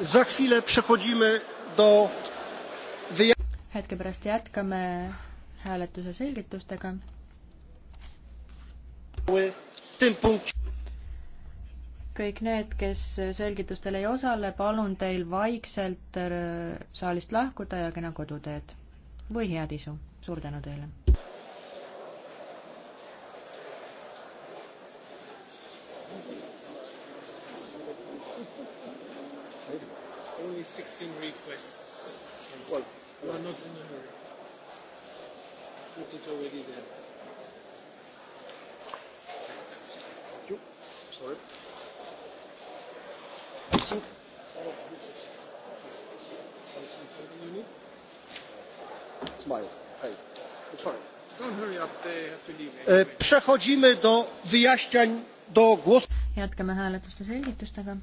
Za chwilę przechodzimy do hetke pärast jätkame hääletuse selgitustega. kõik need, kes selgitustel ei osale, palun teil vaikselt saalist lahkuda ja kena koduteed või head isu. suur tänu teile! only 16 requests. Well, you are not in a hurry. Put it already there. Thank you. Sorry. I think all of this is something you need. Smile. Hey. Sorry. Don't hurry up. They have to leave. E, anyway. Przechodzimy do wyjaśniań do głosu. Jätkame hääletuste selgitustega.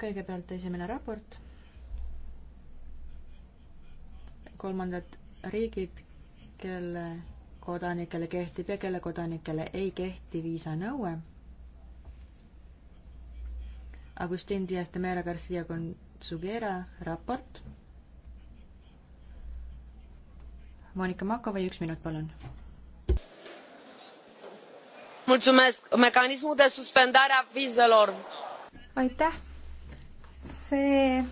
kõigepealt esimene raport, kolmandad riigid, kelle kodanikele kehtib ja kelle kodanikele ei kehti viisanõue. Agustin Dias de Mera Garcia Consuguera raport. Monika Makovei, üks minut, palun mecanismul de suspendare a vizelor. aitäh! see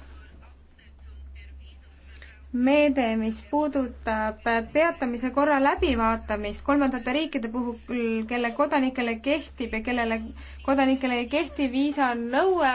meede, mis puudutab peatamise korra läbivaatamist kolmandate riikide puhul, kelle kodanikele kehtib ja kellele kodanikele ei kehti viisanõue,